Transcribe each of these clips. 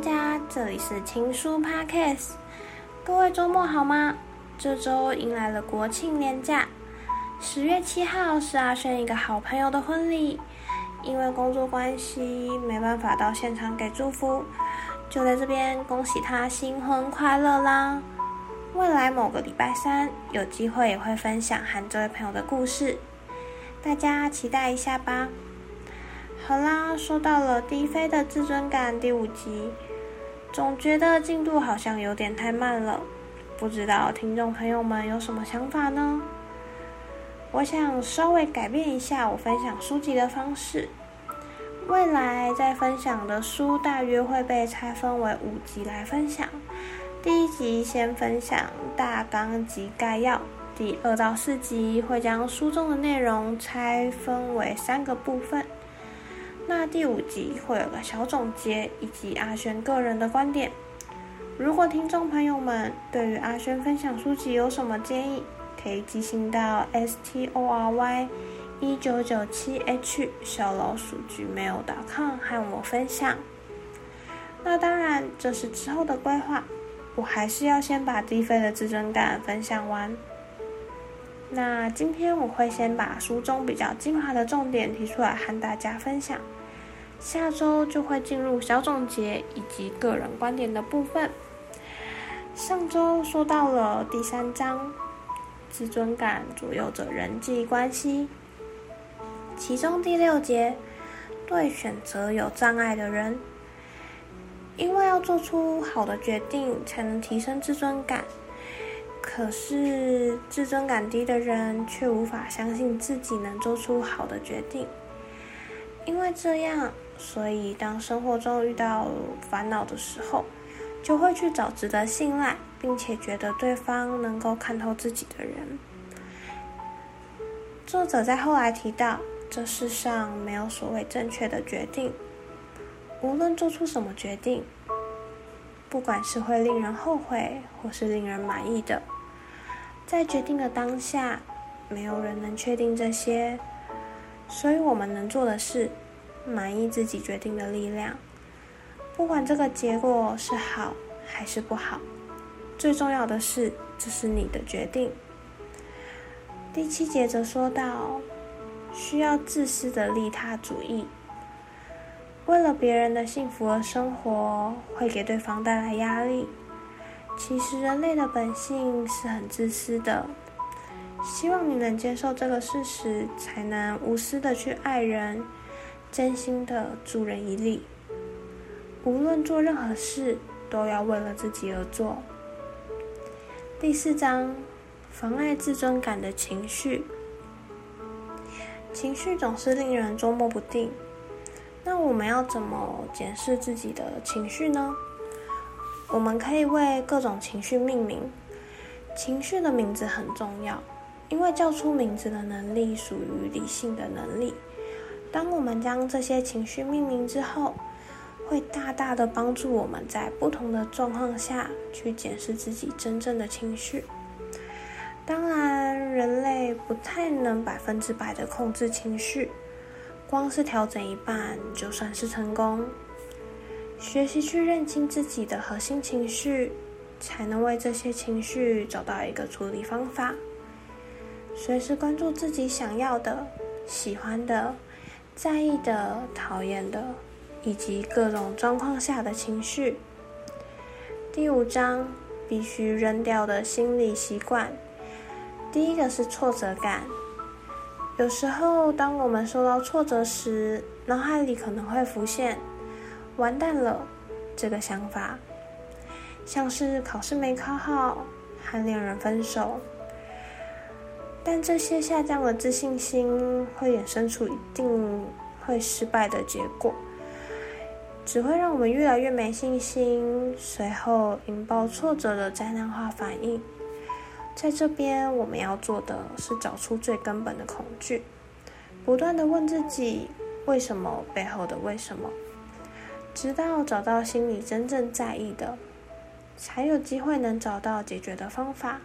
家，這裡是情書 Podcast。各位週末好嗎？這週迎來了國慶年假，十月七號是阿軒一個好朋友的婚禮，因為工作關係沒辦法到現場給祝福，就在這邊恭喜他新婚快樂啦！未來某個禮拜三有機會也會分享和這位朋友的故事，大家期待一下吧。好啦，說到了低飛的自尊感第五集。總覺得進度好像有點太慢了，不知道聽眾朋友們有什麼想法呢？我想稍微改變一下我分享書籍的方式，未來在分享的書大約會被拆分為五集來分享。第一集先分享大綱及概要，第二到四集會將書中的內容拆分為三個部分。那第五集會有個小總結，以及阿軒個人的觀點。如果聽眾朋友們對於阿軒分享書籍有什麼建議，可以寄信到 s t o r y 一九九七 h 小老鼠 gmail 點 com 和我分享。那當然，這是之後的規劃，我還是要先把低飛的自尊感分享完。那今天我會先把書中比較精華的重點提出來和大家分享。下週就會進入小總結以及個人觀點的部分。上周說到了第三章，自尊感左右着人際關係，其中第六節對選擇有障礙的人，因為要做出好的決定才能提升自尊感，可是自尊感低的人卻無法相信自己能做出好的決定，因為這樣。所以，當生活中遇到煩惱的時候，就會去找值得信賴，並且覺得對方能夠看透自己的人。作者在後來提到，這世上沒有所謂正確的決定，無論做出什麼決定，不管是會令人後悔，或是令人滿意的，在決定的當下，沒有人能確定這些。所以，我們能做的事。滿意自己決定的力量，不管這個結果是好還是不好，最重要的是這、就是你的決定。第七節則說到，需要自私的利他主義，為了別人的幸福而生活會給對方帶來壓力。其實人類的本性是很自私的，希望你能接受這個事實，才能無私的去愛人。真心的助人一力，無論做任何事，都要為了自己而做。第四章，妨礙自尊感的情緒。情緒總是令人捉摸不定，那我們要怎麼檢視自己的情緒呢？我們可以為各種情緒命名，情緒的名字很重要，因為叫出名字的能力屬於理性的能力。當我們將這些情緒命名之後，會大大的幫助我們在不同的狀況下去檢視自己真正的情緒。當然，人類不太能百分之百的控制情緒，光是調整一半就算是成功。學習去認清自己的核心情緒，才能為這些情緒找到一個處理方法。隨時關注自己想要的、喜歡的。在意的、討厭的，以及各種狀況下的情緒。第五章必須扔掉的心理習慣，第一個是挫折感。有時候，當我們受到挫折時，腦海裡可能會浮現“完蛋了”這個想法，像是考試沒考好，和戀人分手。但這些下降的自信心會衍生出一定會失敗的結果，只會讓我們越來越沒信心，隨後引爆挫折的災難化反應。在這邊，我們要做的是找出最根本的恐懼，不斷的問自己為什麼，背後的為什麼，直到找到心裡真正在意的，才有機會能找到解決的方法。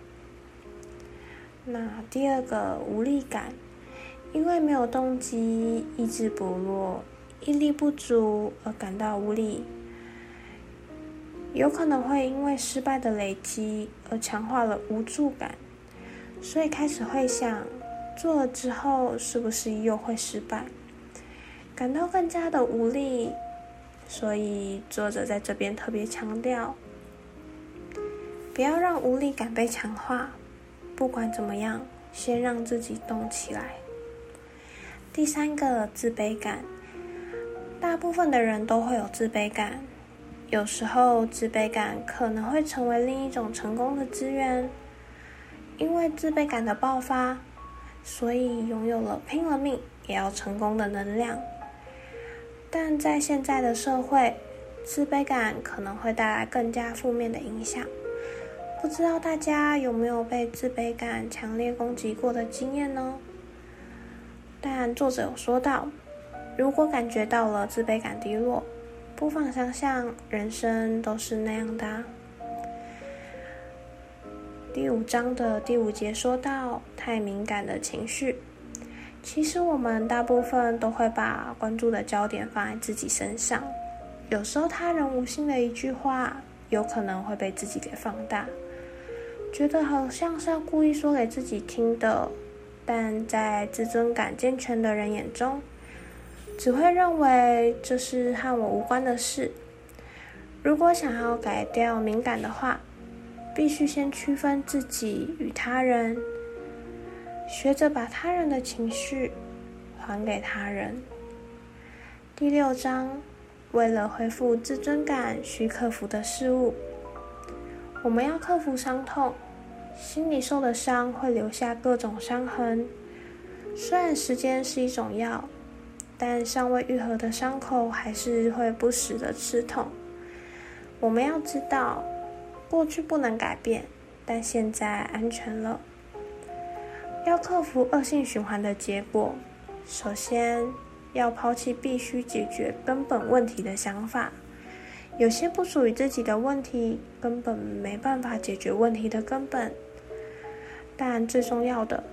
那第二個無力感，因為沒有動機、意志薄弱、毅力不足而感到無力，有可能會因為失敗的累積而強化了無助感，所以開始會想做了之後是不是又會失敗，感到更加的無力，所以作者在這邊特別強調，不要讓無力感被強化。不管怎麼樣，先讓自己動起來。第三個自卑感，大部分的人都會有自卑感，有時候自卑感可能會成為另一種成功的資源，因為自卑感的爆發，所以擁有了拼了命也要成功的能量。但在現在的社會，自卑感可能會帶來更加負面的影響。不知道大家有沒有被自卑感強烈攻擊過的經驗呢？但作者有說到，如果感覺到了自卑感低落，不妨想想，人生都是那樣的啊。第五章的第五節說到，太敏感的情緒，其實我們大部分都會把關注的焦點放在自己身上，有時候他人無心的一句話，有可能會被自己給放大。覺得好像是要故意說給自己聽的，但在自尊感健全的人眼中，只會認為這是和我無關的事。如果想要改掉敏感的話，必須先區分自己與他人，學着把他人的情緒還給他人。第六章，為了恢復自尊感需克服的事物。我們要克服傷痛，心裡受的傷會留下各種傷痕。雖然時間是一種藥，但尚未癒合的傷口還是會不時的刺痛。我們要知道，過去不能改變，但現在安全了。要克服惡性循環的結果，首先要拋棄必須解決根本問題的想法。有些不屬於自己的問題，根本沒辦法解決問題的根本。但最重要的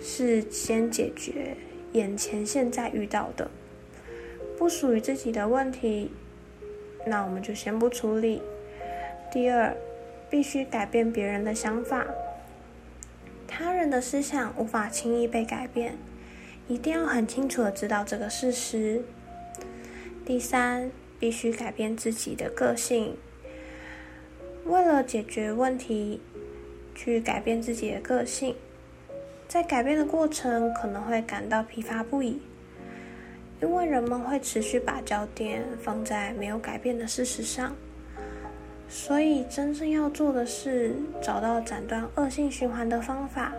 是先解決眼前現在遇到的不屬於自己的問題。那我們就先不處理。第二，必須改變別人的想法。他人的思想無法輕易被改變，一定要很清楚的知道這個事實。第三。必須改變自己的個性，為了解決問題，去改變自己的個性。在改變的過程，可能會感到疲乏不已，因為人們會持續把焦點放在沒有改變的事實上。所以，真正要做的是找到斬斷惡性循環的方法，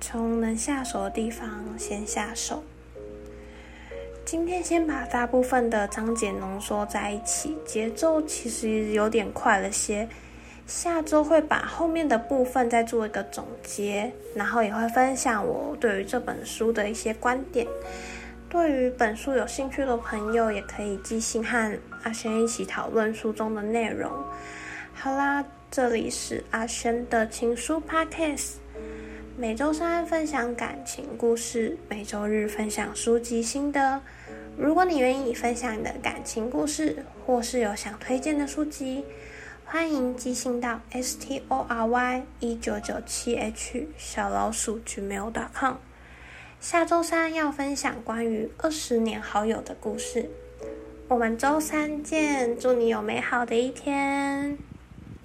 從能下手的地方先下手。今天先把大部分的章節濃縮在一起，節奏其實有點快了些。下週會把後面的部分再做一個總結，然後也會分享我對於這本書的一些觀點。對於本書有興趣的朋友，也可以寄信和阿軒一起討論書中的內容。好啦，這裡是阿軒的情書 Podcast，每周三分享感情故事，每周日分享書籍心得。如果你願意分享你的感情故事，或是有想推薦的書籍，歡迎寄信到 s t o r y 一九九七 h 小老鼠 gmail.com。下週三要分享關於二十年好友的故事，我們週三見，祝你有美好的一天。